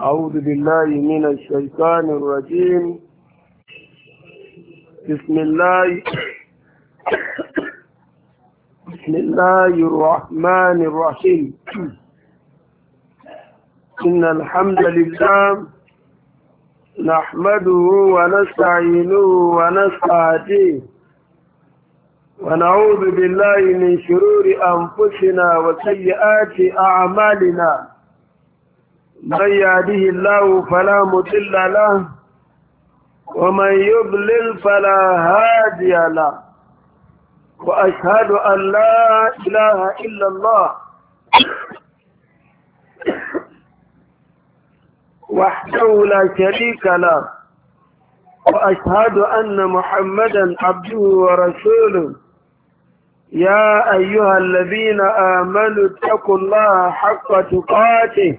أعوذ بالله من الشيطان الرجيم بسم الله بسم الله الرحمن الرحيم إن الحمد لله نحمده ونستعينه ونستهديه ونعوذ بالله من شرور أنفسنا وسيئات أعمالنا من يهده الله فلا مضل له ومن يضلل فلا هادي له وأشهد أن لا إله إلا الله وحده لا شريك له وأشهد أن محمدا عبده ورسوله يا أيها الذين آمنوا اتقوا الله حق تقاته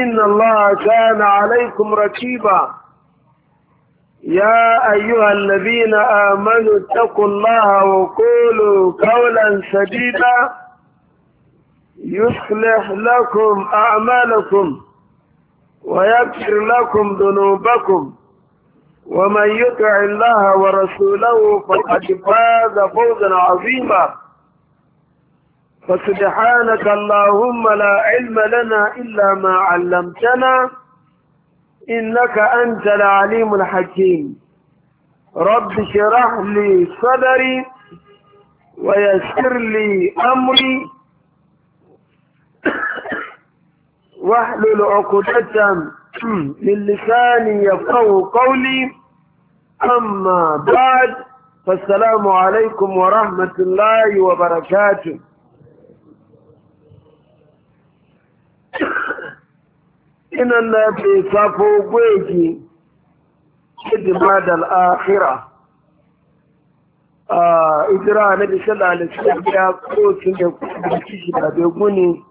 إن الله كان عليكم ركيبا يا أيها الذين آمنوا اتقوا الله وقولوا قولا سديدا يصلح لكم أعمالكم ويغفر لكم ذنوبكم ومن يطع الله ورسوله فقد فاز فوزا عظيما فسبحانك اللهم لا علم لنا إلا ما علمتنا إنك أنت العليم الحكيم رب شرح لي صدري ويسر لي أمري واحلل عقدة من لساني يفقه قولي أما بعد فالسلام عليكم ورحمة الله وبركاته ina na bai safo gwaji hidima da al'akhira a ijira na bisala alisaniya ko sun da kusurci shi da bai guni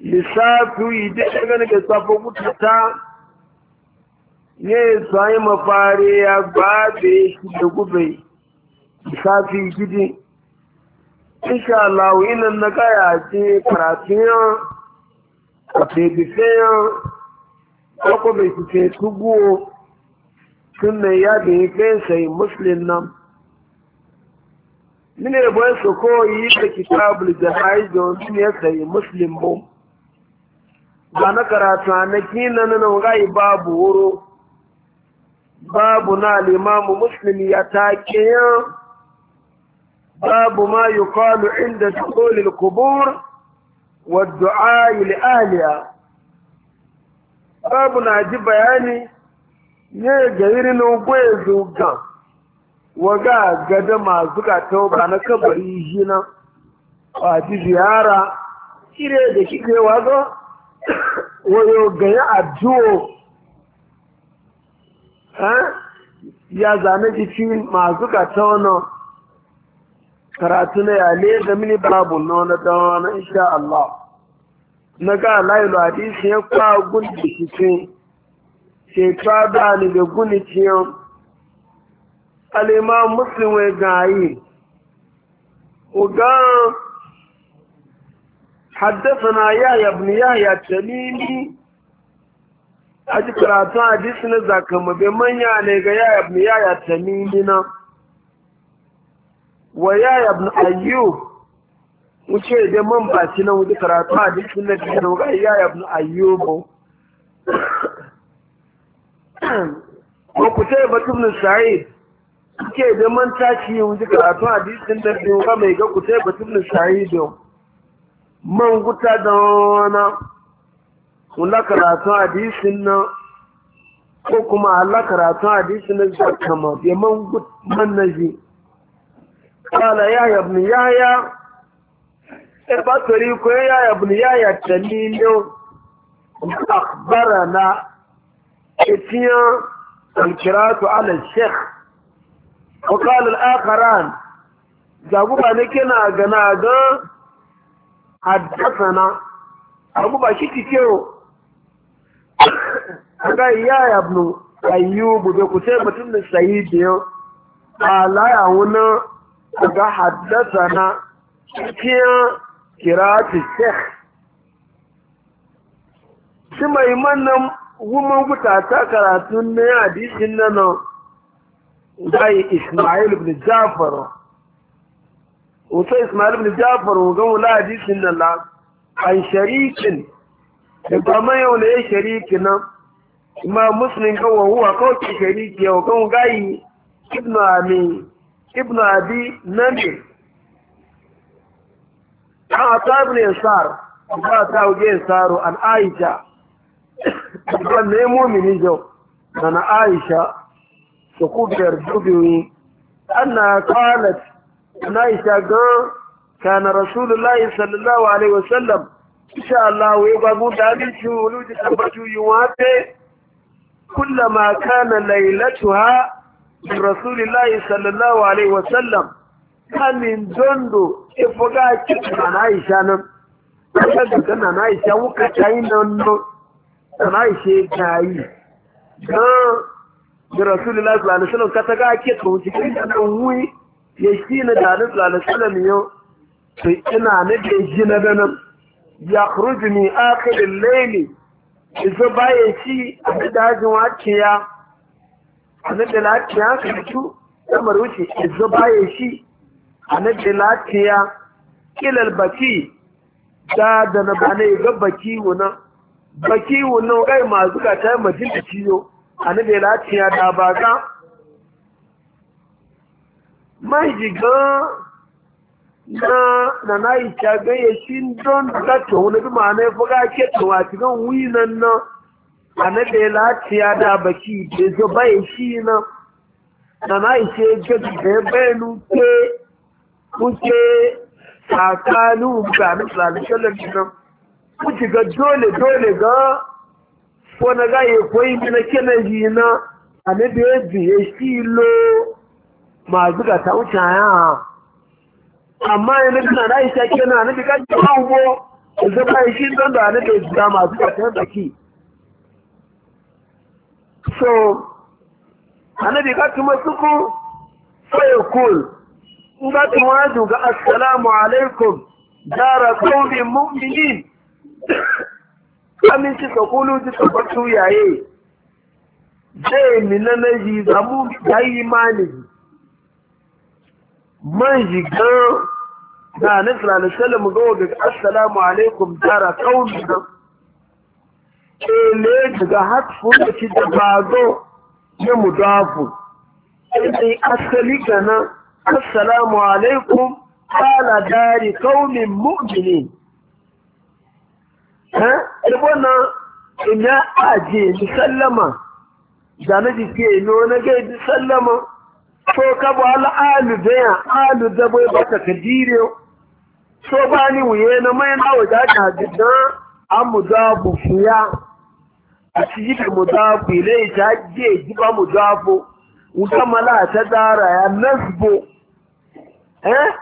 lissafi idan ya gani da safo gutata ya yi tsaye mafari ya gbabe shi da gube lissafi gidi insha Allah inan na kaya ce karatun ọkọ̀ àfẹ́gbẹ̀fẹ́yàn ọkọ̀bẹ̀ ìtìtẹ̀ túgbó túnmẹ̀ yàbí fẹ́ǹsẹ̀ muslim nam nínú ẹ̀bọ̀ ẹ̀sọ̀ kọ́ yìí ṣe kìtà abùlùjẹ̀ àìjọ tún nínú ẹ̀sẹ̀ muslim bọ́ ba na karatu a na kina na nan rai babu wuro babu na limamu muslim ya take yan babu ma yuqalu inda dukhulil qubur والدعاء لأهلها babu na ji bayani ne ga irin ogwe zuga waga gada masu gata ba na kabari shi na a ji ziyara ire da kike wazo wayo gaya addu'o eh? ya zane jikin masu gata wannan karatu na yale da mini babu nuna dawa na isha Allah na ga layu hadisi ya kwa gundi kike ke ta da ni da gundi kiyo alima muslimu ga yi ugan haddathana ya ya ibn yahya tamimi aji karatu hadisi na zakamabe manya ne ga ya ibn yahya tamimi na wa ya yabnu ayyub wuce da man ba shi nan wuce karatu a jikin na da wa ya yabnu ba? ko ku sai batun nan sa'i ke da man tashi wuce karatu a na jikin da mai ga ku sai batun nan da man guta da wana wula karatu a jikin na ko kuma ala karatu a na nan kamar ya man man naji قال يا ابن يحيى البصري يا ابن يحيى التميمي اخبرنا إتيان القراءة على الشيخ وقال الآخران جابوا نكنا جنادا حدثنا أبو بشيكي كيو أقول يا يا ابن ايوب أيوب بكتابة السيد قال يا هنا ga haddasa na cikin kirati sheikh shi mai mannan woman guta ta karatun na yi hadisin nan gai ismail ibn jafar wato ismail ibn jafar ga wula hadisin nan la an sharikin da kama yau ne ya shariki nan ma muslim ga wahuwa kawai shariki yau kan gai ibn amin ibn abi namir an ata ibn yasar ba ta wuge yasaru an aisha ban ne mini jau na na aisha su kubiyar dubiwi anna qalat na aisha ga kana rasulullahi sallallahu alaihi wasallam insha Allah wai babu da aminci wuluji tabbatu yi wafe kullama kana lailatuha min rasulillahi الله alaihi wasallam kamin dondo ifoga e cikin na aisha nan aka daga na aisha wuka yi nan na aisha da rasulullah sallallahu alaihi wasallam ka ta ga cikin nan wuyi ya shi na da alaihi sallallahu alaihi wasallam to shi na da nan a dajin wakiya annabi lafiya ka mutu kamar wuce izza baye shi annabi lafiya kilal baki da da na bane ga baki wuna baki wuna kai ma zuka ta majin da ciyo annabi lafiya da ba ga mai jiga na na na yi ta ga don da ta wani bi ma ne fuga ke tawa cikin winan nan da ya latiya da baki da zo bai shi na na na ishe gadi da ya bayanu nuke kuke tsakanin ga na tsakanin nan kuke ga dole dole ga ko na ga ya koyi na kenan shi na da ya biye shi lo ma zuga ta wuce ya amma yanzu na na ishe na bi ga jawo zo zama shi don da da ya zuga ma zuga ta baki so annabi ka tuma suku sai kul in ka tuma waju ga assalamu alaikum dara qawmin mu'minin kamin ci ka kulu ji tabbatu yaye je mi na naji zamu yayi mani man ji ga na nabi na alaihi wasallam ga assalamu alaikum dara qawmin ele daga hatfu da ci da bazo ya mudafu sai asali gana assalamu alaikum ala dari kaumin mu'minin ha ibona ina aje bi sallama da na ji ke no na ga bi sallama to ka ba ala alu da alu da bai ba ka kadire so ba ni wuye na mai na wajen hadidan amudabu fiya cikin mudafu ne ta je jiba mudafu usama la ta dara ya nasbo eh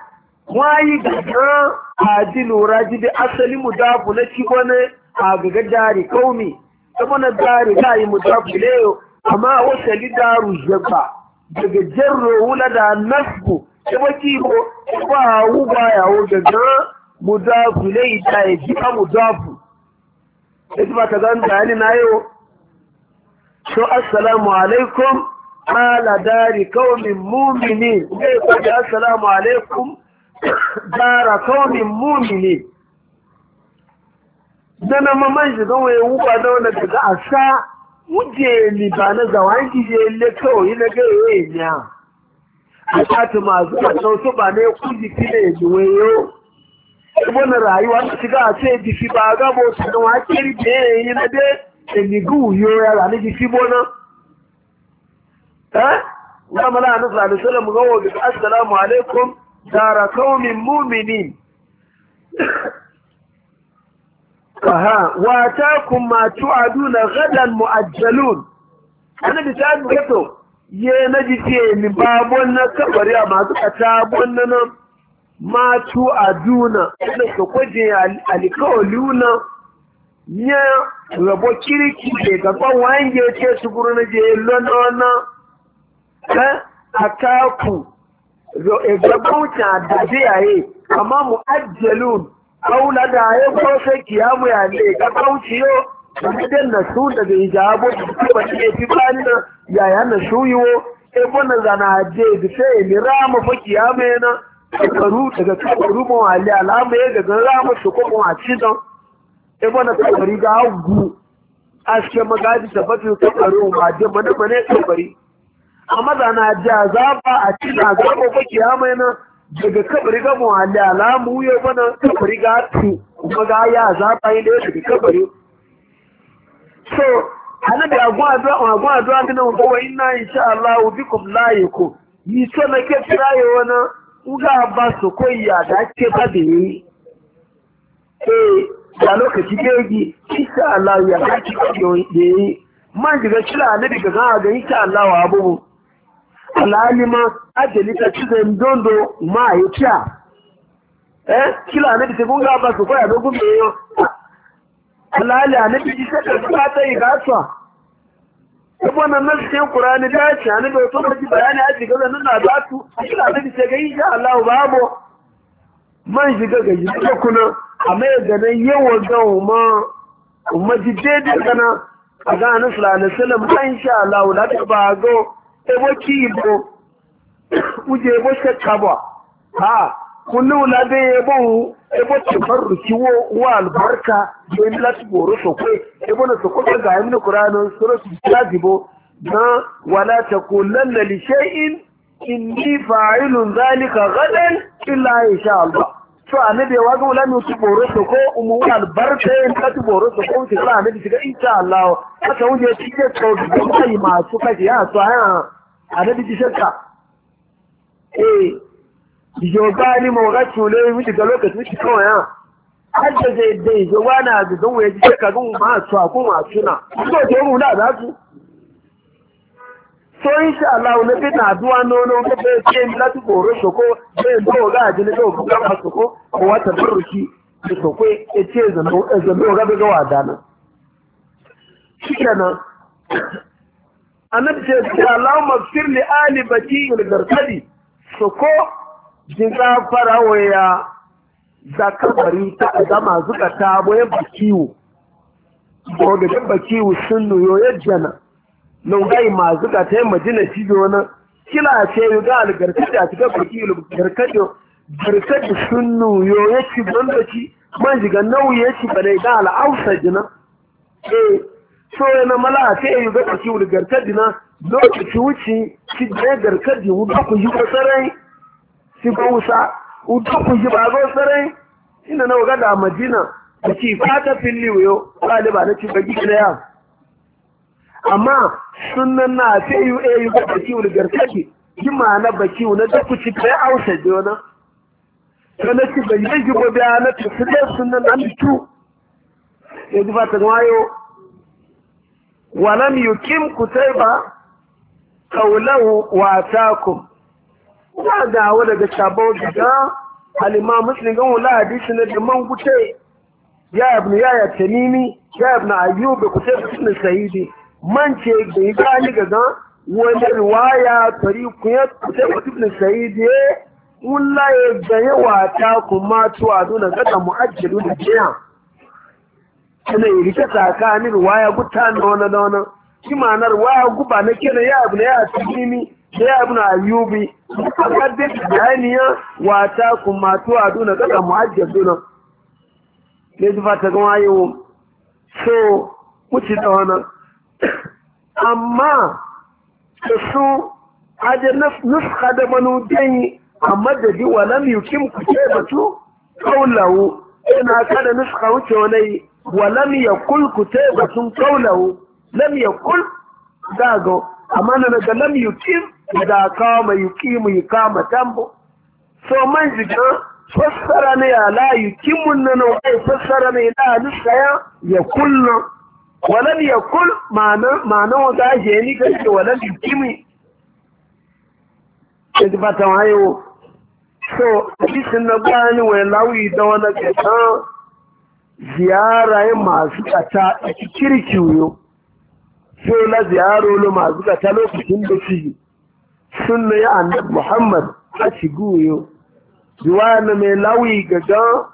kwai da ga haji lura ji da asali mudafu na ci wani a gaga dari kaumi kuma na dari ta yi mudafu ne amma wata lidaru jaba daga jarro wula da nasbo ta baki ko ba hu ba ya wuga ga mudafu ne ta yi jiba mudafu duk ba ka zan bayani na yau so assalamu alaikum ala dari kaumin mumini zai kwaje assalamu alaikum dara kaumin mumini dana maman shi zan waye wuba da wani daga asa wuje ni ba na zawan gije le kawai na ga yi nya a ta masu a su ba ya kuji kile ji wayo wannan rayuwa ta shiga a ce jifi ba ga bo su da wakiri da yi na dai da nigu yo ya rani ni jifi bonan eh wa mala na sallallahu alaihi wasallam ga wa assalamu alaikum dara qaumin mu'minin aha wa taakum ma tu'aduna ghadan mu'ajjalun annabi ta gato ye na jifi e, ni babon na kabari a masu kata nan? ma tu aduna da kwaje alkawaluna ya rabo kirki da gaban wange ce su guru na je lona ta akaku ta da ziyaye amma mu ajjalun kaula da ya ko sai kiyamu ya ne gabauciyo idan na su da zai jabo su ba ne fi bani na yaya na yiwo ebo na zana je da sai ni rama fa kiyamu yana. shekaru daga shekaru mawali alama ya gagan rama shi ko mawaci don ibo na kabari ga a aske magaji da batu kabari ma je mana mana kabari a maza na ji a azaba a cikin azaba ko amai na, daga kabari ga mawali alamu ya bana kabari ga tu kuma ga ya azaba yana daga kabari so hana da agwa addu'a agwa addu'a dinan ko wa inna insha Allah bikum laiku yi so na ke tsiraye wannan uga ba su koyya da ake faɗi ne eh da lokaci keji insha Allah ya dace da yi man daga kira na daga ga ga insha Allah wa abu alalima ajali ta cikin Ndondo ma ya kira eh kila na daga gunga ba su koyya da gumbe yo alali na daga sai da ta yi gasuwa wannan nan sai Qur'ani da shi ne da to miji bayani a shiga nan na ba su ina da shi ga insha Allah babu man shi ga gaji yi kuna amma ga nan yawa ga umma umma ji dede kana a ga nan sallallahu alaihi wasallam insha Allah da ta ba go e bo ibo bo uje bo se kabo ha kunu na dai yabo ebo tabarruki wo wa albarka yo ni lati goro sokwe ebo na sokwe ga ayi ni qur'ano ta jazibo na wala taqulanna li shay'in inni fa'ilun zalika gadan illa insha Allah to annabi wa ga wala ni goro ko umu wa albarka yin lati goro ko ti ga annabi ti ga insha Allah aka wuje ti ke to da kai masu su kaje ya so ha annabi ti shakka eh Ijoba ni mo ga cule mi daga lokacin shi kawai ya. Hadda zai da ijoba na zugan waya ji ka gun ma su a kun a suna. Ko je mu na za na duwa nono ko be ce mi lati goro ko soko jiga farawaya za bari ta zama zuka ta boye bakiwo gogajen bakiwo sun nuyo ya jana nungai ma zuka ta yi majina cijo na kila ce yi ga algarkaji a ga bakiwo garkaji garkaji sun nuyo ya ci don da ci man shiga nauyi ya ci bane ga al'ausa jina eh so yana mala ce yi ga bakiwo garkaji na lokaci wuce ci da garkaji wu ku yi kasarai si bausa wusa ku ji ba zo sarai inda na waga da madina a ci fata filli wuyo ɗaliba na ci bagi da ya amma sunan na sai yu e yu ba ki ulgar kake ji ma na baki na da ku ci kai ausa jona wana to na ci bagi da jibo da na ci sunan nan tu ya ji fata wayo mi yukim ba qawlahu wa ataakum ya dawo daga shabon gida. halima muslim gan wula hadisi na da man gute ya ibn ya ya tamimi ya ibn ayyub ku sai cikin sahidi man ce da ya gani zan wani riwaya tariku ya ku sai cikin sahidi eh, wula ya ga yawa ta kuma tuwa duna kada muajjilu da jiya kana yi rike tsakanin riwaya gutan da wani da wani shi ma'anar waya guba na kira ya ibn ya tamimi sai ibn ayyubi kaddin daniya wata kuma to aduna kada muhajjaduna ne zuwa ta gama yau so kuci da wannan amma su aje nuska da manu dai amma da ji walam yukim ku ce batu kaulawu ina kada nuska wuce wani walam kul ku ce batun kaulahu lam kul zago amma na daga lam yukim da kama yuqimu yuqama tambo so man jiga fassara ne ya la yuqimu nan ai fassara ne la nusa ya ya kullu walan yakul ma'ana ma'ana wanda je ni kace walan yuqimu ke ba ta wayo so bisin na bani wai lawi da wani kasa ziyara yin masu kata a kirkiyo sai na ziyarolo masu kata lokacin da su yi sunna ya annabi muhammad a shiguyo na mai lawi don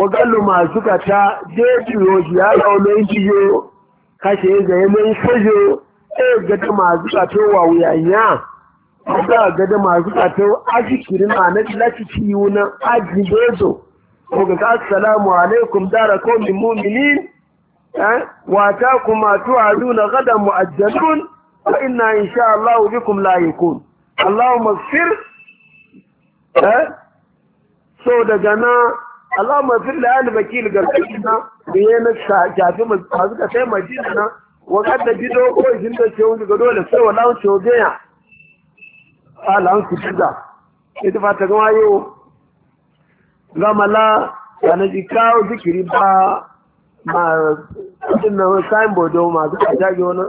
magalu masu kata dejiyo ya launin jiyo kashe ga yanayin sojo e gada masu kato wa wuyanya ga gada masu kato ajikirin a na lati ciwo na ajibezo ko ga assalamu alaikum dara komi mummini. Eh, wata kuma tuwa na a mu'ajjalun wa inna insha Allah bikum layikun Allahumma fir eh so daga na Allahumma fir da albakil garkina da yana shafi masu ka sai majina na wakar da bido ko jin da ce wani ga dole sai wallahi ce wajeya Allah ah, su tuga ita fata gama wayo gamala yana ji kawo zikiri ba ma abin nan signboard masu kajage wani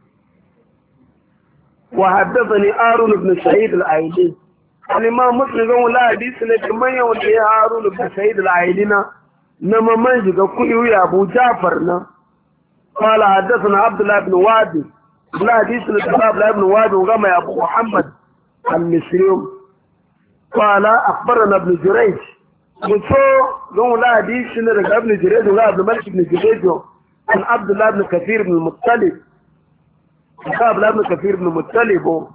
وحدثني هارون بن سعيد العيدي الإمام مسلم قال لا حديث لك من يولي هارون بن سعيد العيدينا نما من جد كوي أبو جعفرنا قال حدثنا عبد الله بن وادي لا حديث لك عبد الله بن وادي وقام يا أبو محمد المصري قال أخبرنا ابن جريج وصو قال لا حديث لك ابن جريج وقال ابن الملك بن جريج عن عبد الله بن كثير بن المطلب ka abu labin kafir ibn mutalibu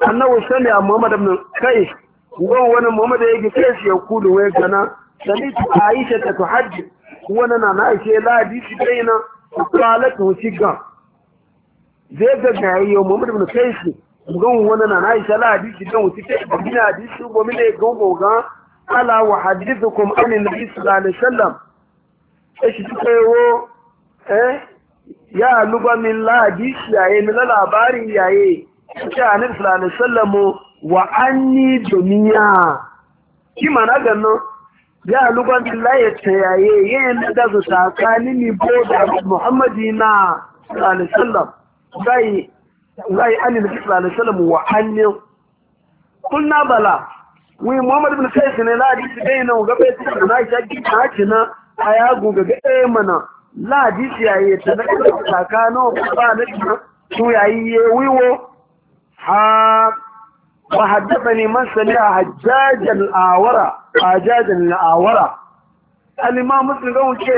annabi sani a Muhammadu ibn kai wa wani Muhammadu ya yi kai shi ya kudu wai gana sani ta aisha ta ta hajji wani na na ishe ladi shi dai na kwalat shi gan. zai ga gari yau Muhammadu ibn kai shi ga wani na na ishe ladi shi dan wuce kai abin gina di shi gomi ne ga goga ala wa hadithukum anin na isra'ala shallam shi ta kai wo eh? ya luba min lahadi yaye na labarin yaye shi a nan fulani sallamo wa an ni duniya ki mana ganin ya luba min laye ta yaye yayin na da su ni bo da muhammadi na fulani sallam zai zai an ni fulani sallamo wa an ni bala wi muhammad bin kais ne lahadi su bai nan gaba ya tsaka na shi ake na a yago ga ga mana láàdí sí ayé tẹ̀lẹ́kẹ̀ẹ́ ìtàkà náà bá nìkan awara hajjajan muslim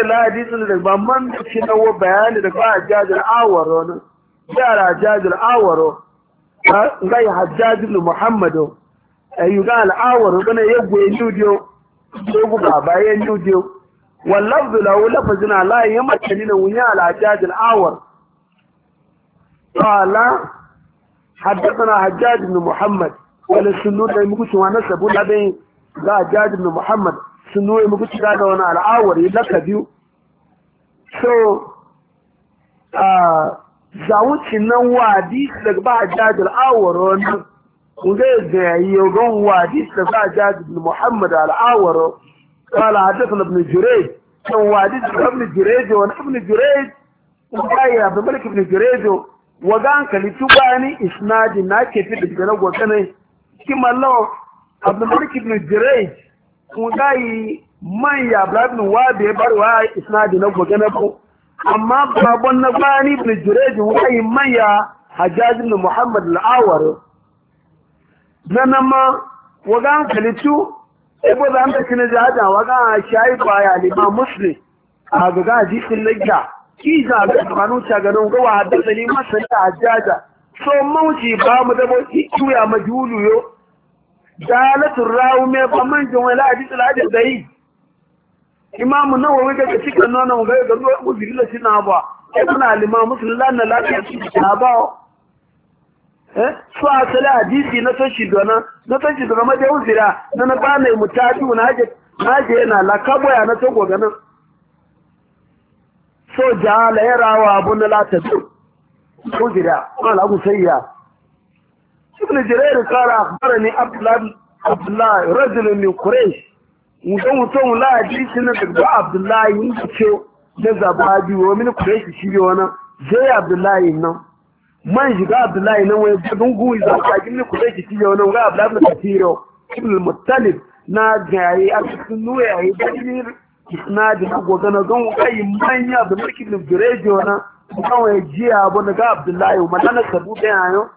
lahadi da man da shi na bayani da ba hajjajan awaro ne yara hajjajan awaro muhammadu ayyuka al'awaro ya ya bayan واللفظ له لفظنا لا يمكننا ويا على حجاج الأعور قال حدثنا حجاج بن محمد ولسنون يمكوش نسبه لبين لا حجاج بن محمد سنون يمكوش قال وانا الأعور يلك بيو so zawucin nan wadi daga ba jajir awaro nan zai gayayi yau don wadi daga ba jajir muhammad al'awaro قال حدثنا ابن جريج ووالد ابن جريج وانا ابن جريج وقايا بملك ابن جريج وقان كالتوباني اسناد ناكي في الجنة وقانا كما لو ابن ملك ابن جريج وقاي من يا ابن وابي بروا اسناد في جنبو amma babban na bani ibn jurayj wai maya hajjaj ibn muhammad al-awar nanama wagan kalitu ebo za mu na jada wa ga shayi baya lima muslim a ga ga jikin lagya ki za ga kanu ta ga nan ga wa hadda a masan ajaja so mauji ba mu da mu kiya majulu yo dalatu rawu me ba man jin wala hadisi la da dai imamu nawawi ga cikin nonon ga ga uzuri shi na ba kuna lima muslim la na la ta ba Eh? su a sala hadisi na to shi dona na to shi dona maje uzira na na ba mai mutafi na haje na haje yana la kaboya na tsogo goga so ja la rawa abu na la ta to uzira ko ne gusayya da jarir a akhbarani ne abdullahi rajul ne quraish mutum mutum wula hadisi na daga abdullahi ne ce zaba biyu, wa mini Kure shi ne wannan zai abdullahi nan man shiga abdullahi nan wani gudun guwi za a kagin ne ku zai kici cinye wani wani abdullahi na kafiro ibn mutalib na gaye a cikin nuwa ya yi na da na gogana don kai manya da mulki da birejo na kawai jiya abu na ga abdullahi mana na sabu da yayo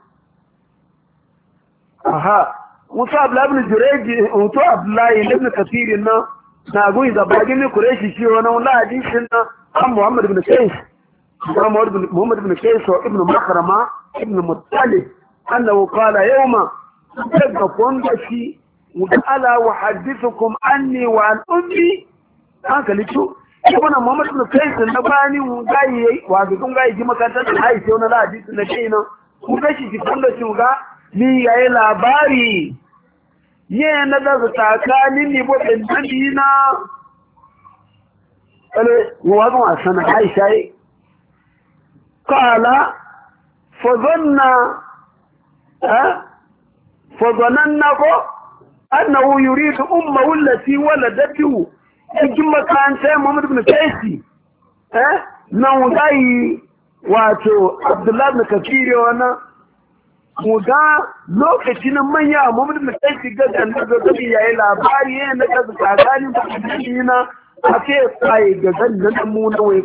aha mutu abdullahi na jireji mutu abdullahi na ibn kafirin na na guwi za ba gini kureshi shi wani wani hadisin na kan muhammadu ibn kaisi قال محمد بن كيس وابن مخرمة ابن مطلب أنه قال يوما تقفون بشي وألا وحدثكم عني وعن أمي هكا لتشو ibn Muhammad ibn Qais na bani mu gayi wa ga kun gayi ji makaranta da Aisha na hadisi na kaina ku ga shi kun da shi ga ni yayi labari ye na da tsakanin ni bo dan dina ale wa ga sana قال فظن فظننا أنه يريد أمه التي ولدته إجمع كان محمد بن كيسي نوضعي wato abdullahi na kafire wani muga lokacin manya mummuni da kai shiga da yayi labari na kasu tsakanin da na a ce tsaye ga zan nan mu na wai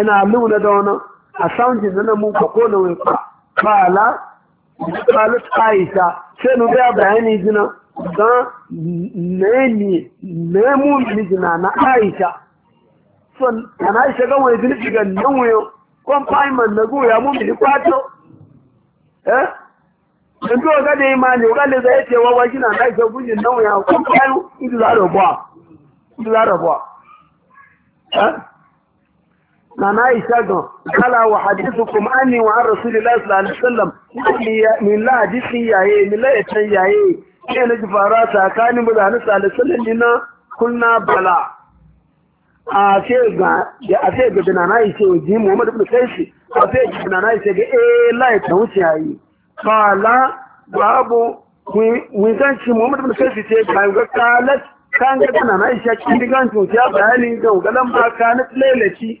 ina lu da wani a saunci zina mu ka ko na wai fala fala aisha sai nu ga bayani jina dan nemi ne ne mu ni na aisha so na aisha ga wani jini diga nan kwan confinement na go ya mu ni kwato eh in to ga dai ma ga da zai ce wawa jina na aisha gujin nan wayo confinement idu za da bwa idu da bwa eh nana Aisha gan kala wa hadisu kuma anni wa an rasulillahi sallallahu alaihi wasallam min la hadisin yaye min la yatan yaye ne na ji fara tsakanin mu da hadisu sallallahu alaihi wasallam dina kunna bala a ce ga a ce ga nana isa wa ji muhammad ibn kaisi a ce ga nana isa ga eh la yatan wuce yaye kala babu mun san shi muhammad ibn kaisi ce ga kalat kan ga nana isa kin digan ya ta bayani ga galan ba kanat lalaci.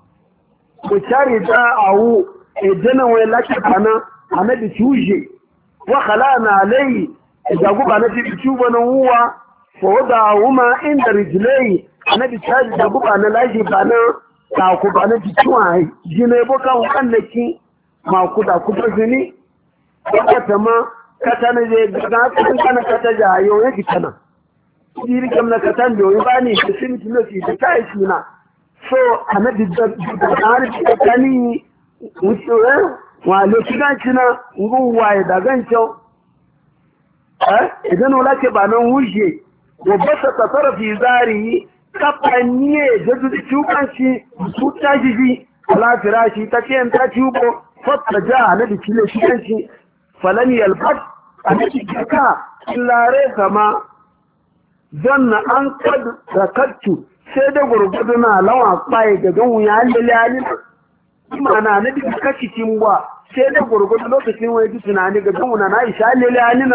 ku cari da awu idan e wai laki kana anabi tuje wa khalana alai da guba na ji tuba e na huwa fa da huma inda rijlai anabi cari da guba na laji bana ta ku bana ji tuwa jine bokan laki ma ku da ku bazini ka tama kata na je ga kan kana kata jayo yake kana jiri kam na katan da yoyi bani da simiti na ci da kai suna so annabi da tsari tsakani wucewa wa lokaci ganci na ruwa ya da gancewa eh? idan wula ke ba nan wuce wa basa ta sarrafi zari kafa niye da zuci cukanci su ta jiji alafira shi ta ce ta cubo fata ja a nadi cile shi kanci falani yalbat a nadi kaka lare kama zanna an kad da kattu sai da gurgudu na lawa kwaye da don wuya lalle halin ima na na duka kashi cimbuwa sai da gurgudu lokacin wani tunani ga don wuna na isha lalle halin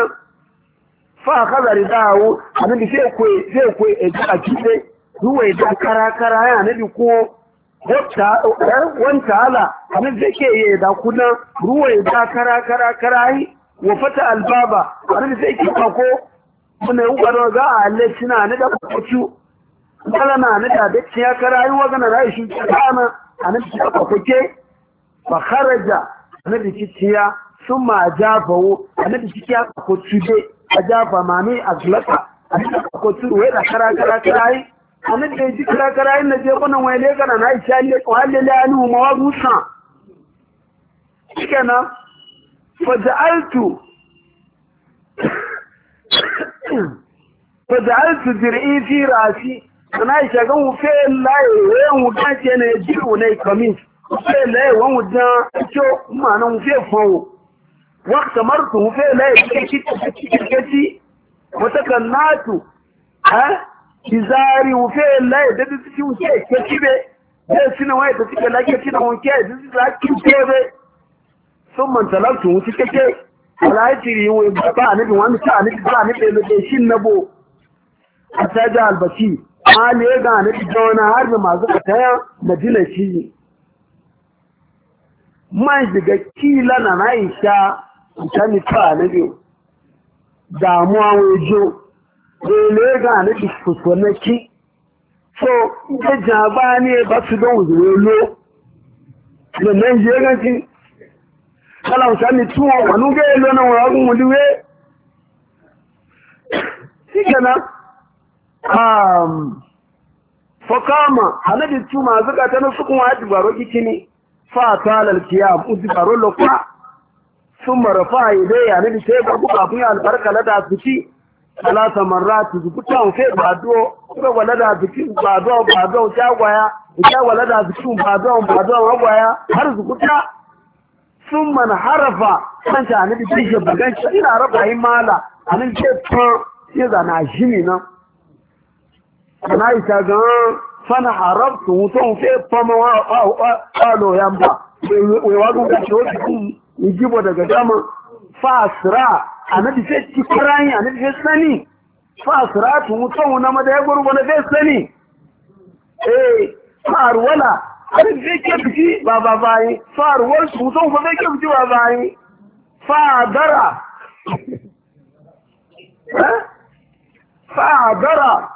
fa kaza ridawo annabi sai kwe sai kwe e a kide duwa e da kara kara ya ko wata wanta ala annabi sai ke yi da kuna ruwa e da kara kara kara yi wa fata albaba annabi sai ke ko muna yi ƙwaro za a halle suna ne da kwacu kalana na tabbaci ya kara yi wagana rai shi ana a nan shi aka kuke Ba kharaja na ya sun ma jabawo a nan dikiya aka kuce a jaba mami a zulaka a nan aka kuce wai da kara kara kara yi a nan da ji kara kara yi na je kunan wai ne kana na isa ne ko halle la ni ma wa gusa shikenan fa ja'altu fa ja'altu fi rasi na ìṣẹ̀gán wù fẹ́ láì rẹ̀ wù dán ṣe ní jíwò ní ìkọ̀mí fẹ́ láì wọ́n wù dán tí ó mà náà wù fẹ́ fún wù wọ́n tàmárùtù wù fẹ́ láì kẹ́kẹ́kẹ́kẹ́kẹ́kí wọ́tẹ́kà náàtù ìzárí wù fẹ́ láì dẹ́bí tí wù kẹ́ kẹ́kí bẹ́ bẹ́ẹ̀ sínú wáyé tó ti kẹ́lá kẹ́kí náà wù kẹ́ ìdíjí lá kí kẹ́ bẹ́ tó mọ̀ tàlátù wù ti kẹ́kẹ́ aláìtìrì wù ìgbà bá àníbi wọn ní ká àníbi bá amma ne ga na jona har da masu kataya na shi man shiga kila na na isha ta mita na biyu damuwa wajo ne ga na iskusko na ki so ita jaba ne ba su don wuzuru lo da nan je ganci kala tuwo wani ga ilo na wani fakama annabi tuma zuka ta na sukun waji baro kini fa talal kiyam uzi baro lokwa sun marafa idai annabi sai ga buka bu albarka la da suci salasa marrati ku ta fe bado ga wala da suci bado bado jagwaya ga wala da suci bado bado ragwaya har zukuta sun man harafa kanta annabi sai ga bugan shi ina raba himala annabi sai ta sai zana jimi nan ana isa gan fana harabtu wuto n fe fama alo ya mba wewadu ka ce wasu kun ijibo daga dama fasira anabi fe ci farayin anabi fe sani fasira tun na mada ya na fe sani eh kebji ba kebji ba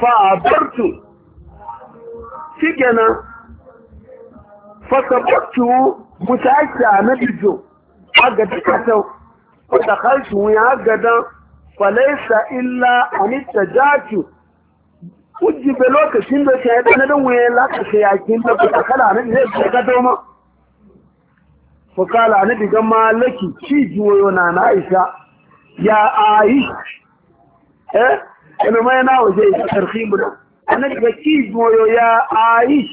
fa'abartu shi gana, fasabartu musa mutashi na bijo agadi kasau wadda harshen ya agadan falaisa illa anita jatu ujibe lokacin da shi da nadan waye laka sai yakin da kuka kala na ne ka ga doma fa kala na diga malaki ci juwayo na na Aisha ya Aisha eh kalma na waje ya tarhi mu annabi ga ki moyo ya aish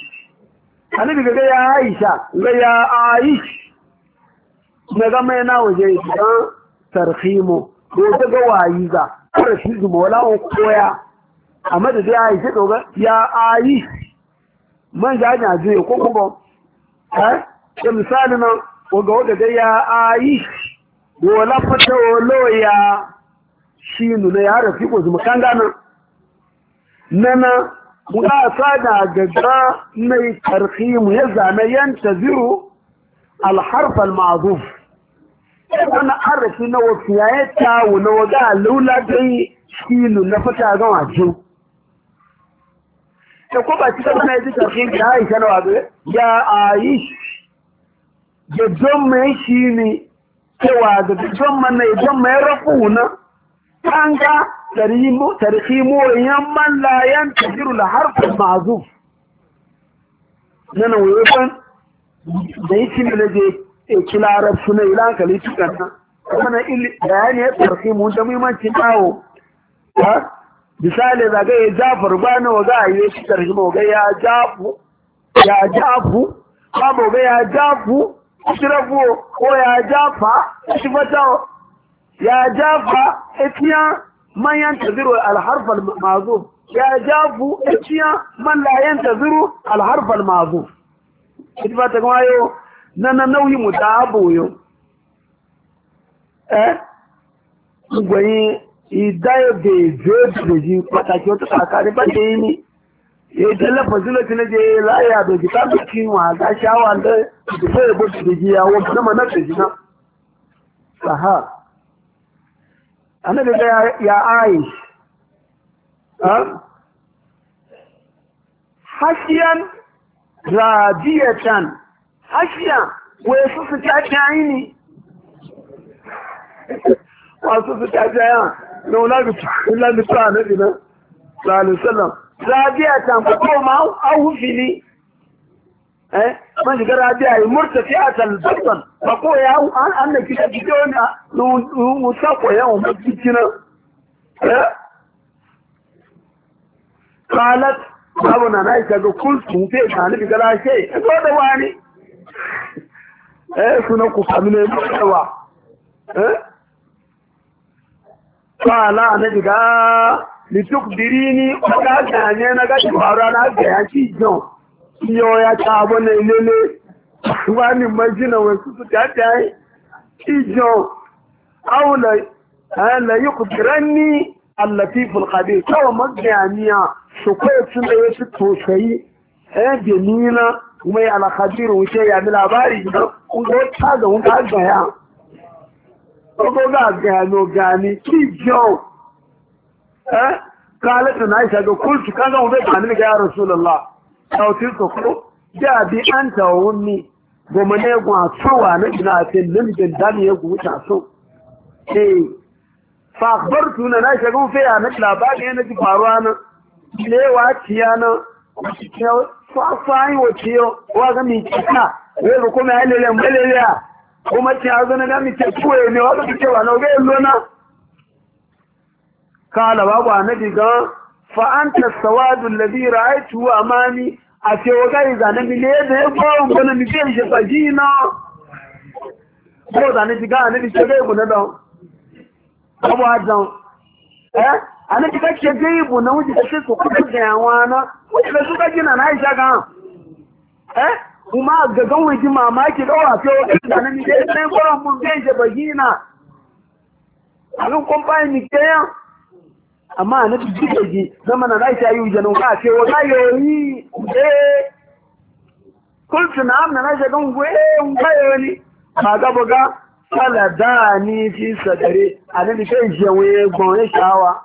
annabi ga ya aisha ga ya aish na ga mai na waje ya tarhi mu ko ta ga wayi ga kar shi mu wala o koya amma da ya aisha to ga ya aish man ga na je ko ko eh da misali na ko ga ga ya aish wala fata wala ya shi nuna ya rafi ko zuma kan gana nana muka sada gaga mai karfi mu ya zame yanta ziro alharfa al-ma'zuf ana arafi na wasu ya yi tawo na waga laula dai shi nuna fata ga wajen ta kuma cikin na yi karfi da aisha na wazo ya aish ga don mai shi ne cewa ga don mai don mai rafu na kanga tarhimo yamman layan tajiru la harfin mazuf nana wayo kan da yi cin je e kila rabu na ila hankali tukanta kuma na ili bayani ya mu da muhimmancin dawo ha misali zaga ya jafar bana za a yi shi tarhimo ga ya jafu ya jafu babu ga ya jafu shirafu ko ya jafa shi fata ya jafa etiya man yantaziru al-harf al-ma'zuf ya jafu etiya man la yantaziru al-harf al-ma'zuf kitiba ta kuma yo nana nauyi mutabu yo eh gwayin idayo da jeji da ji pataki wata tsakari ba da yi ni ya tallafa zulati na je laya da ji ta biki wa ga shawa da da sai ya bude da ji ya wata na mana da ji na sahara ana ga ya aish hashiyan radiyatan Hasiya wai su su ta kyayi ni? wasu su ta kyayi na wula mutu a nabi na sallallahu radiyatan ko ma an eh sun shiga rabiya yi fi a talbatan ba ko ya hau an an da kisa kike wani a wuta ko ya hau makiki na eh? kalat babu na naika ga kultu fe ta nufi gara ke ko da wani eh suna ku sami ne ba eh kala na diga litukdirini ko ga ganye na ga tawara na ga yaki jon iyo ya ta abona ilele wani majina wasu su ta ta yi ijo aula la yi kuturanni allatiful khabir kawai magayaniya su kwaya sun da wasu tosayi ɗaya da nina mai alkhabir wuce ya bi labari na kungo ta ga wuka gaya kogo ga gano gani kijo eh kalata na isa ga kultu kaga wuce ta ni ga ya rasulullah tawfir ko ko da bi an tawon ni goma ne gwa tsowa na ina ce limin da ne ya guta so eh fa akhbartu na na shagun fi ya na labari na ji faruwa na lewa ciya na fa fa yi wa ciyo wa ga mi kika wai ko kuma halele malele kuma ci a zana da mace kuwa ne wa ga cewa na ga yin lona kala babu a nadi ga fa'anta sawadu labi ra'aitu wa amami a ce wa gari zane mile da ya gwaron gana mike shi faji na ko zane shi gana nabi shi gai guna don abuwa don eh a na shiga ke gai guna wuce ta shi su kuka gayawa na wuce da suka gina na aisha gan eh kuma ga gan wuji mamaki dawa ce wa gari zane mile da ya gwaron mun gai shi faji a kan kwamfani mike amma a nafi jirgi zama na naisha yi wujanin ka ce wa za yi eh kultu na amna naisha don gwe nga yi ba ga buga salada ni fi sadare a nafi kai jewe gbon ya shawa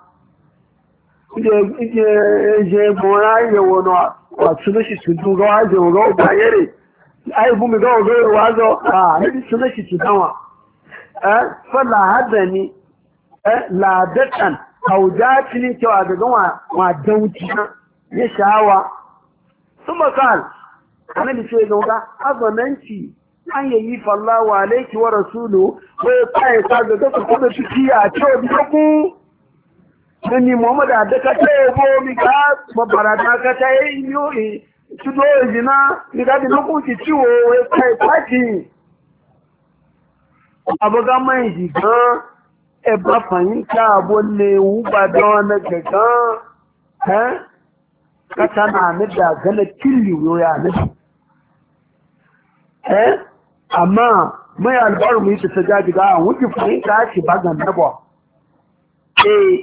je gbon ya yi yawo na wasu na shi tuntun ga wajen ga ọgbà yere ai bumi ga ọgbà yere wazo a nafi su na shi tuntun wa eh fa lahadani eh ladatan hauda cini cewa daga ma dauki ya sha'awa sun bakal da ce ga wuka azananci an yi falla wa alaiki wa rasulu wai kai sa ga ku kuma ciki a cewa bi ku ni muhammad daga ta ko mi ka babara ta ka ta yi yi yoyi tudo eh, jina mi ka bi ku ci ciwo wai kai kwaci abu ga mai jigan e ba fahimta abun ne wuba da wani gaga ha kasa na ni da gana killi yoya ni eh amma mai albaru mu ta jaji ga an wuce fahimta shi ba ga nabo eh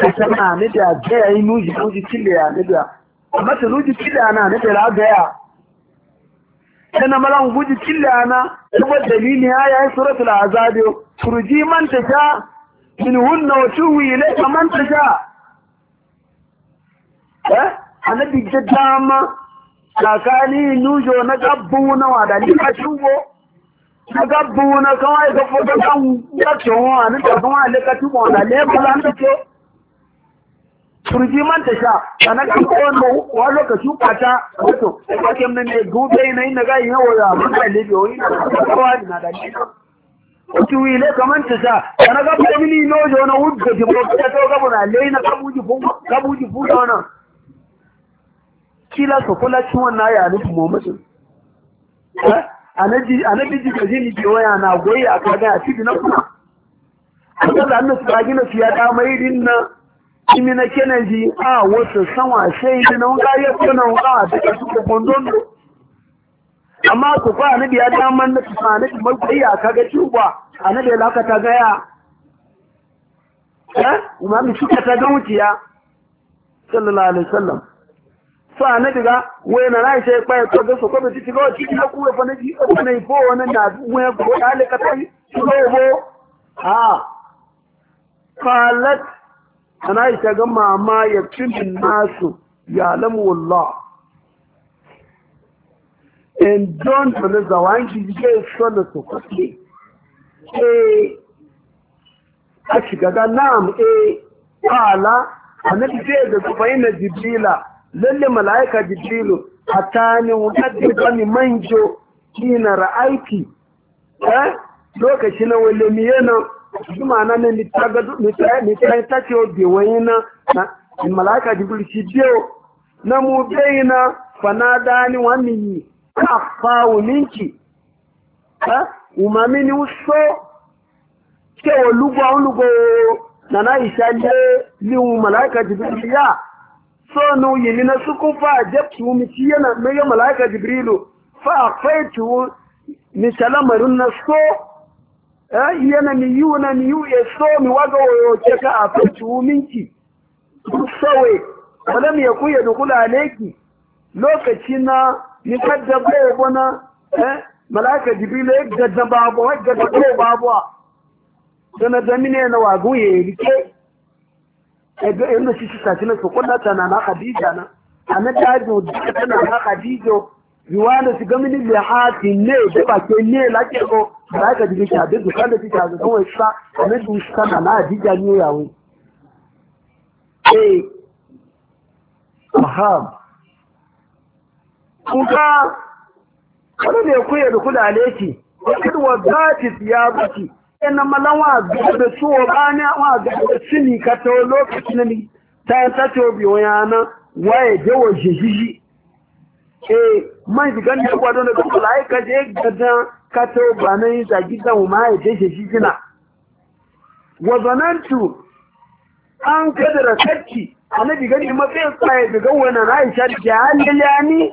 kasa na ni da gaya ya ni da amma ta nuji ya ni da ya yi suratul azabi turji man ta sha منهن وتوي إليك من تشاء annabi da dama tsakani nujo na gabbu na wadani a shugo na gabbu na kawai ga fodo kan yake wa ni da kuma alika tubo na le kula na ke turji man ta sha sana kan ko no wa lokaci kwata wato sai kake ne gobe ne na ga ya mun da na na da ni وتوي لك من تسا أنا قبل مني نوجه أنا ودك جبروك تتو قبل علينا كبوجي فوق كبوجي فوق أنا kila su kula ci ya a na biji ka ji nike waya na goyi a kaga a cibi na kuna a kada annu su bagina ya na kenan ji a wasu sanwa shaidu na ya a su amma ku fa biya da man na tsani mai kuya ga tuba ana da laka ta gaya eh imami suka ta ga wuciya sallallahu alaihi wasallam fa ana daga wai na rai sai kai to ga su ko bi tigo ci na ku fa nabi ko na ifo wannan da wai ko dale ka tai ko bo ha qalat ana ita ga mama yakin nasu ya lamu wallahi da zawangi zikesono sokoke eh ashigaga nam eh qala annabi sai da kufaina jibrila lalle malaika jibrilu atani wadaddani manjo kina ra'aiki eh lokaci na wale miyana kuma nan ne taga ni tai tace obi wayina malaika jibril shi biyo na mu fanada ni wani kafa ulinki ha umamini uso ke olugo olugo nana isaje li malaika jibril ya so no yini na suku fa jabtu miti yana me malaika jibrilu fa afaitu ni salamarun na so yana ni yuna ni yu ya so mi waga oyo ce ka afaitu minki sawe walam yakun lokaci na yi kadda bai gona eh malaka jibril ya gadda babu wa gadda bai babu sana zamine na wagu ya rike ga inda shi shi tashi na su kulla tana na khadija na ana duka tana na riwana su ga mini ne da ba ke ne la ke ko malaka da duka da ta sa na khadija ne yawo eh kuka wani mai kuya da kudale ki da wa gati ya buki ina malawa da suwa bani wa da sini ka lokaci na ni ta ta to biyo yana waye da wa jiji eh mai digan da kwado da kula ai ka je gada ka to bani zagi gidan ma ya je jiji na wazanantu an kadara sakki annabi gani mafi tsaye daga wannan Aisha da halilani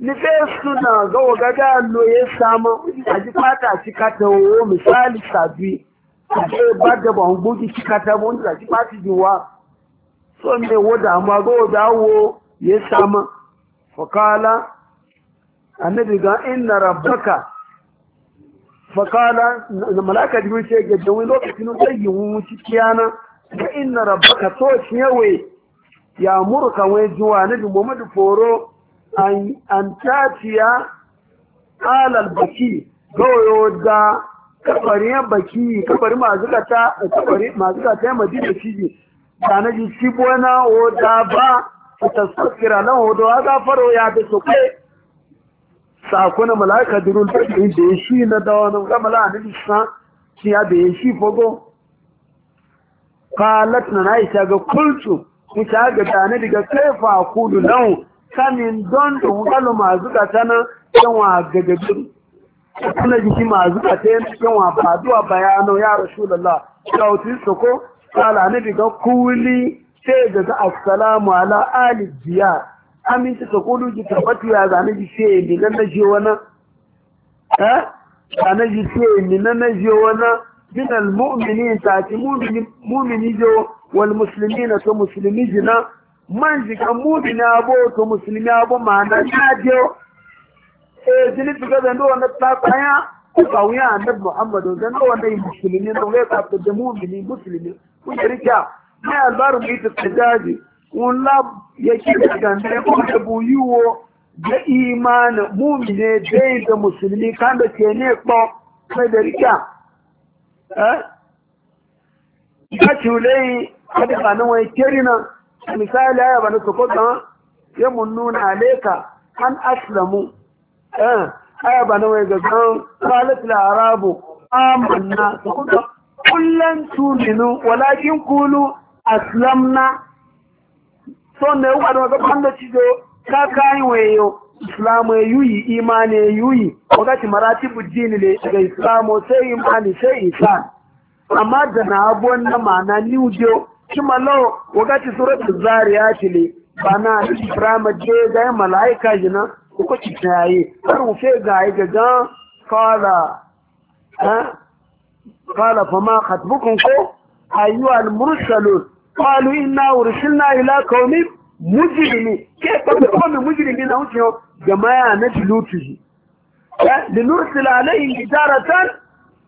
Ni nife suna gawa gaga lo ya sama, a ji fata ci kata wo misali sabi a ce ba da ba hukuki ci kata mun da ci fata wa. so ne wo da amma gawa da wo ya samu fakala annabi ga inna rabbaka fakala na malaka jibin ce ga jawin lokacin da yi wuci kiyana ga inna rabbaka to shi yawai ya murka wai jiwa na Muhammadu foro an tafiya alal baki gawayo da kabarin baki kafarin kabarin mazukata kabarin mazukata ya madina shi da na ji shi bona o da ba ta tasakira nan o a ga faro ya da su kai sakuna malaka durul da da shi na da wani ga malaka ne sa shi ya da shi fogo qalat na aisha ga kultu ku ta ga da na diga kaifa kulu nan. kamin don da wukalo masu kata nan yawa gagagin kuna jiki masu kata yawa ba duwa bayano ya rashu lalla su ko kala na diga kuli sai daga assalamu ala alif biya aminci soko duki tabbatu ya zane ji ce ni nan na je wana. eh zane ji sai ni nan na je wani min almu'minin ta ci mu'mini jo wal muslimina to muslimi jina man jika mubi na bo to musulmi abu ma na jajo e jini tuka zando wanda ta tsaya ko kawuya annabi muhammadu zando wanda yi musulmi don ya ka da mumini musulmi ku yi ne albarin mu ita tsajaji un lab ya ki da ganda ko da buyuwo da imanin mumine dai da musulmi kan da ke ne ko sai da rika eh ya ci ulai kada ba nan wai kerina misali ya bani su kuka ya mun nuna aleka an aslamu eh aya bani wai gagan qalat al arabu amanna su kuka kullan tuminu walakin kulu aslamna so ne uwa da ga banda cijo ka kai wayo islamu yuyi imani yuyi wakati maratibu dini ne daga islamu sai imani sai isa. amma da na abuwan na ma'ana ni ujo cima lau wakati Zariya zariyati le ba na firama je ga malaika jina ko ko ci tayi har mu fe ga fama, ga qala ha qala fa ma ko ayu al mursalun qalu inna ursilna ila qaumin mujrimin ke ko qaumin mujrimin na wuce jama'a na tilutu ji linursila alaihim hijaratan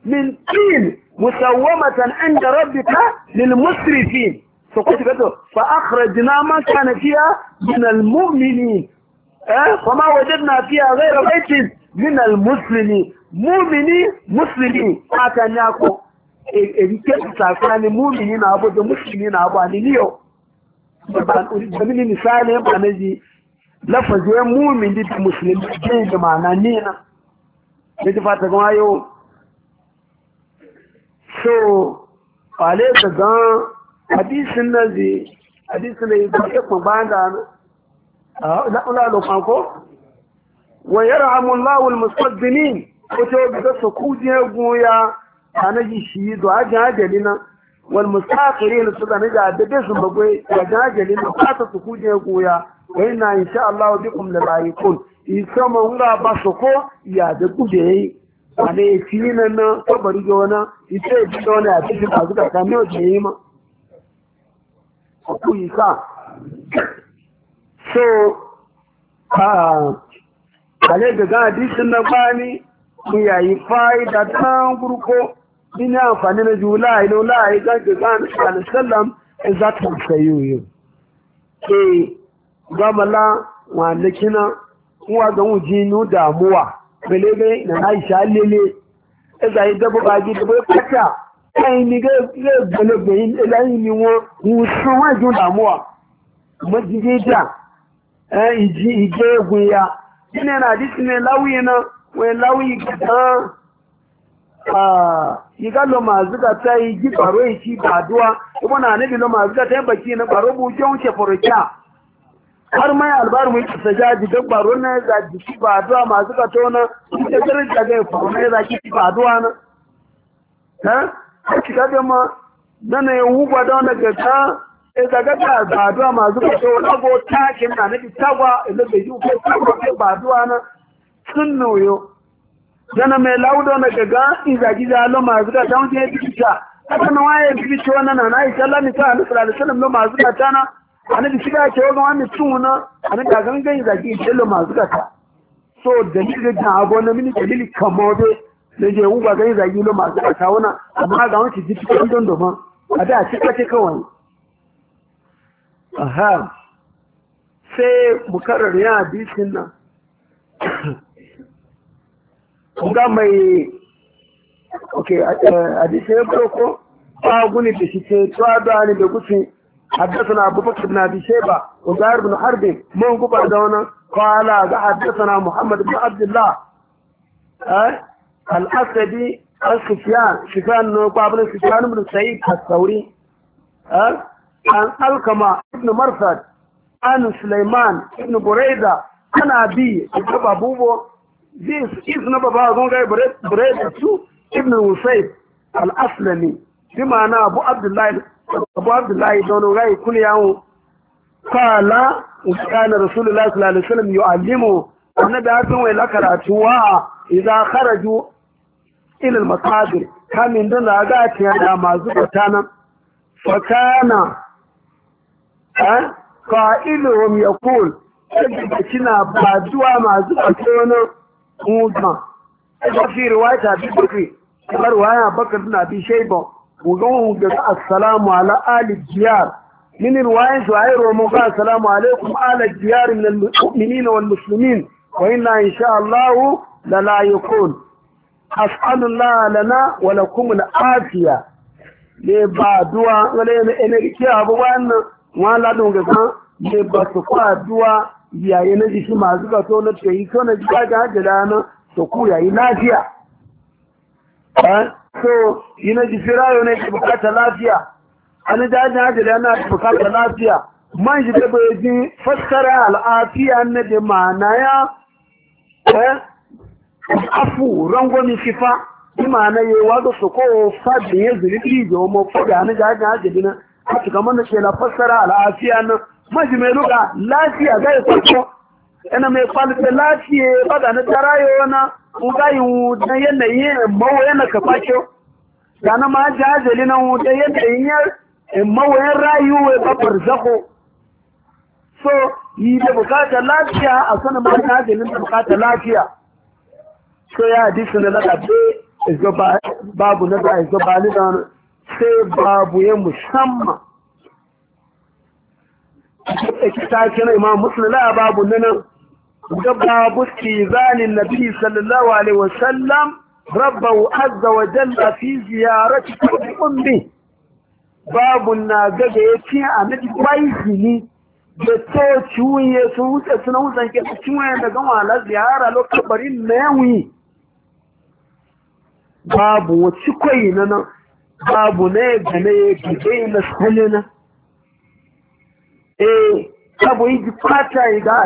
min tin musawwamatan inda rabbika lil musrifin so ko tigato fa akhrajna ma kana fiha min al mu'minin eh fa ma wajadna mu'mini muslimi aka nyako e dike tsafa ne na abu da muslimi na abu ne mu'mini da muslimi ke so wale ka zan hadisin na zai hadisin na yi ba kuma ba da na ulalokon ko wa yarhamullahu almusaddimin ko ta da su kuje goya yi shi do aja dalina wal na su da naja da da su bagwe da jajalin ba ta su kuje goya wa inna insha Allah wa bikum la laikun isa mun wura ba su ko ya da kuje a da ya ci nan nan kabari ga wani ita ya ci da wani a cikin a zuka ka ne wajen yi ma a kuyi ka so a ne ga gadisin na bani mu yayi fa'ida ta gurko ni amfani na jula ilo la'ayi ga gagan alisallam in za ta sayoyi ke gamala wa likina kuwa ga wujinu damuwa belebe na aisha lele ẹgbà yìí dẹ́bọ̀ bá jí dẹ́bọ̀ pátá ẹ̀yìn ni gẹ́gbẹ̀lẹ́gbẹ̀ lẹ́yìn ni wọ́n ń sún wọ́n jù dàmúwà jà ìjì ìjẹ́ egun ya ni ẹ̀nà àdísí ní láwùí iná wọ́n láwùí gẹ̀tàn ìgá lọ máa zúgà har mai albarin mai kisa jaji don baro na ya shi ba aduwa masu kato na ita jirin da ya faru na ya zaki ba aduwa na ha a cika da ma dana ya wuba da wani ta ya zaga ta ba aduwa masu kato na go takin na nabi tagwa ila da yi ko tagwa kai ba aduwa na sun noyo dana mai laudo na gaga in zagi lo masu kato wani ya bikita haka na waye bikita wannan na na ta lamita a nasarar salam na masu kato na da shiga ke wajen wani tuna annabi a gangan zaki jello masu ta. so dalilin da abuwa na mini dalili kama dai da je wu ga gani zagi lo masu kaka wana amma ga wani ji cikin don doma a da ci kake kawai aha sai bukarar ya hadisin nan ga mai ok hadisin ya ko ba guni da shi ce tuwa da ni da gutsi حدثنا أبو بكر بن أبي شيبة وزهير بن حرب من قبل دونا قال حدثنا محمد بن عبد الله أه؟ الأسدي السفيان سفيان بن سفيان بن سعيد الثوري أه؟ عن القمة ابن مرثد عن سليمان ابن بريدة عن أبي أبو أبوه ذيس is na baba zon gai Buraidah su ibn Husayb al-Aslami bi ma'ana abu abdullahi don rai kun yawo kala kana rasulullahi sallallahu alaihi wasallam yu'allimu annabi hafin wai la karatu wa idza kharaju ila al-masajid kamin da na ga tiya da masu nan. fa kana ha eh, qa'iluhum yaqul kina baduwa duwa masu batana kuma ta fi riwaya ta bi bakri kamar waya bakar na bi shaibon وقوم قال السلام على آل الجيار من الواعي زهير ومقال السلام عليكم آل الجيار من المؤمنين والمسلمين وإن إن شاء الله للا يكون أسأل الله لنا ولكم العافية ne ba duwa wani yana ke abu wannan wala don gaza ne ba su kwa duwa yayi na jiki masu gato na Eh? so yi na jifirayo ne ke bukata lafiya an dajin hajji da yana bukata lafiya man shi taba yi jin fassara al'afiya na da ma'ana ya eh? afu rangomi kifa yi ma'ana yi wa su kowo fadin ya zuri da wa mafi da ni dajin hajji da na a cika mana ke na fassara al'afiya na man shi mai luka lafiya zai kwanto yana mai kwalita lafiya ba da na tarayewa na kuka yi wuta yanayi mawa na kafa kyau gana ma hajjali na wuta yanayi ya mawa ya rayuwa ba barzako so yi da bukata lafiya a sanin ma hajjali da bukata lafiya so ya hadisi na na ɗabe babu na da aizo ba ni da sai babu ya musamman a cikin takin imam musulun la babu na nan babu kizanin nabi sallallahu alaihi wasallam rabbu azza wa jalla fi ziyarati ummi babu na gaga yake a miji baisi ne da to ya sun wuce suna wuce ke ciwuye da gama la ziyara lokacin barin nawi babu wacce koyi na nan babu ne gane ya gide na salina eh sabo yi ji fata ga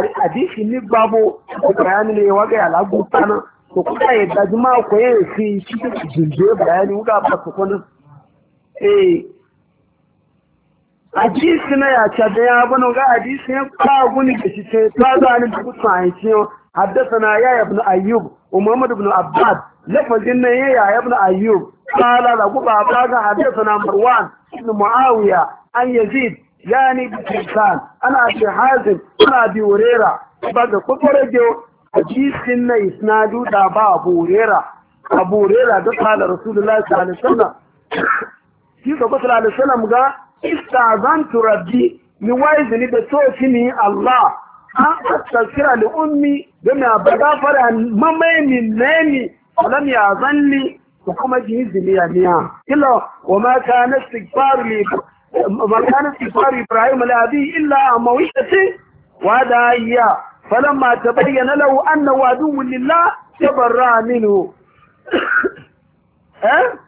ni babo bayani ne waga ya lagu tana to kuma ya daji ma ko ya fi shi jinje bayani wuga ba su eh na ya da ya bano ga hadisi ya kwa guni da shi ce ta zani da a yanci yau ya ya bin ayyub umar bin abbas lafazin nan ya ya bin ayyub kala da guba ga haddasana marwan ibn muawiya an yazid يعني بكرسان أنا أبي حازم أنا أبي وريرا بعد كفر جو أجيس سنة يسنادو دابا أبو وريرا أبو وريرا دخل رسول الله صلى الله عليه وسلم كيف صلى الله عليه وسلم قال استعذنت ربي نوايزني بتوفني الله an astaskira da ummi gana ba gafara mamaye min nani alam ya zalli da kuma إلا وما كان استقبار لي ما كان استغفار إبراهيم لأبيه إلا عن موعظة وهذا bayyana فلما تبين له أنه عدو لله تبرأ منه أه؟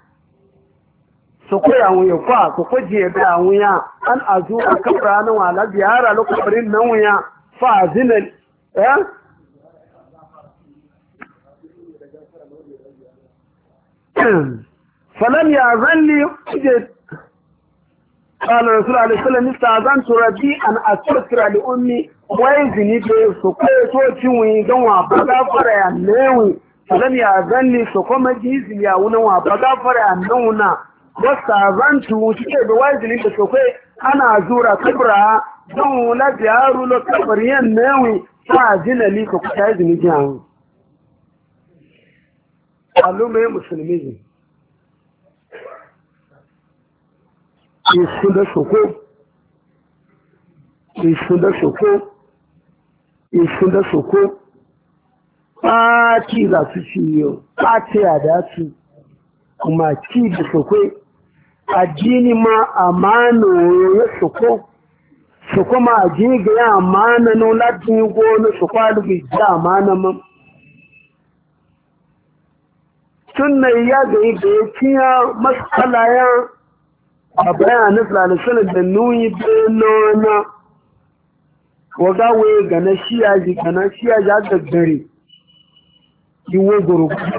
sokwe àwọn yẹn kwa, sokwe jẹ ẹbẹ a wuya. an azu akabra ne wọn alabi ara ló kọbẹrẹ nà wuya. fa azinẹ ẹ. falan ya zan li قال رسول عليه السلام استاذنت ربي ان استغفر لامي ويزني به سكوي توتي وين دون وابغافر يا نوي فلم يأذن لي سكوما جيز يا ونا وابغافر يا نونا واستاذنت وشكي بويزني به سكوي انا ازور كبرى دون لا زيارو لو كبر يا نوي فاذن لي سكوي يزني جان قالوا لي مسلمين da da soko ìsúndé ṣòkó ìsúndé ṣòkó ìsúndé ṣòkó su ìlàtú sí iyo pàtí àdátú kuma kí da soko addini ma amana ya soko Soko ma addini ga ya amana na no soko ṣòkó alubi da amana ma tun na iya ga yi ga ya masu kalayen a bayan nufra da sanar da nuyi benona waga waye shi na shiyaji shi na shiyaji a gaggare iwo gurgu